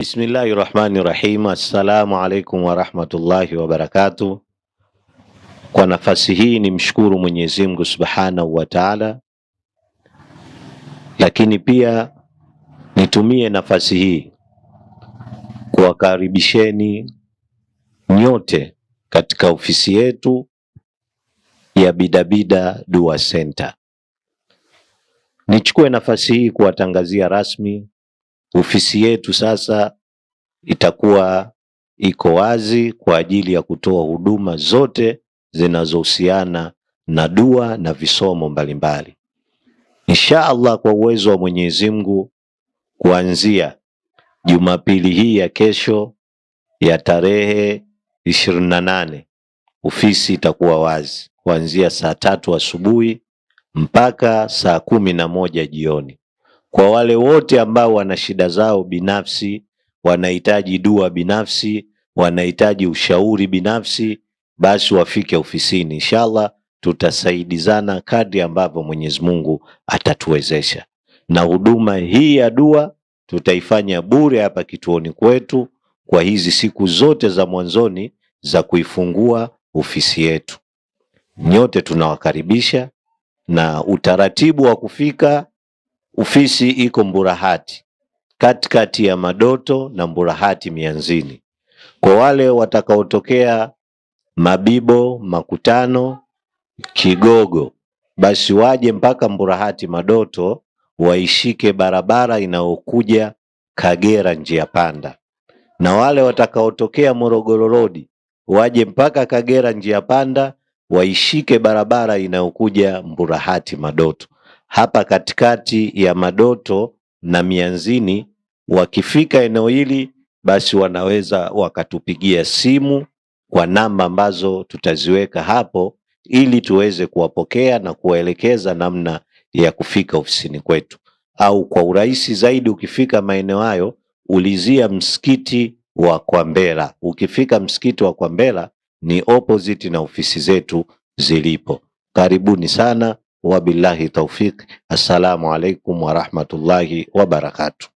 Bismillahi rahmani rahim. Assalamu alaikum warahmatullahi wabarakatu Kwa nafasi hii ni mshukuru Mwenyezi Mungu subhanahu wa taala, lakini pia nitumie nafasi hii kuwakaribisheni nyote katika ofisi yetu ya Bidabida Dua Center. Nichukue nafasi hii kuwatangazia rasmi Ofisi yetu sasa itakuwa iko wazi kwa ajili ya kutoa huduma zote zinazohusiana na dua na visomo mbalimbali, insha Allah, kwa uwezo wa Mwenyezi Mungu, kuanzia Jumapili hii ya kesho ya tarehe ishirini na nane ofisi itakuwa wazi kuanzia saa tatu asubuhi mpaka saa kumi na moja jioni kwa wale wote ambao wana shida zao binafsi, wanahitaji dua binafsi, wanahitaji ushauri binafsi, basi wafike ofisini. Inshallah tutasaidizana kadri ambavyo Mwenyezi Mungu atatuwezesha, na huduma hii ya dua tutaifanya bure hapa kituoni kwetu kwa hizi siku zote za mwanzoni za kuifungua ofisi yetu. Nyote tunawakaribisha na utaratibu wa kufika Ofisi iko Mburahati, katikati ya Madoto na Mburahati Mianzini. Kwa wale watakaotokea Mabibo, Makutano, Kigogo, basi waje mpaka Mburahati Madoto, waishike barabara inayokuja Kagera njia panda, na wale watakaotokea Morogoro Road waje mpaka Kagera njia panda, waishike barabara inayokuja Mburahati Madoto hapa katikati ya Madoto na Mianzini. Wakifika eneo hili, basi wanaweza wakatupigia simu kwa namba ambazo tutaziweka hapo, ili tuweze kuwapokea na kuwaelekeza namna ya kufika ofisini kwetu, au kwa urahisi zaidi, ukifika maeneo hayo, ulizia msikiti wa Kwambela. Ukifika msikiti wa Kwambela ni opposite na ofisi zetu zilipo. Karibuni sana. Wabillahi taufiki, assalamu alaikum warahmatullahi wabarakatu.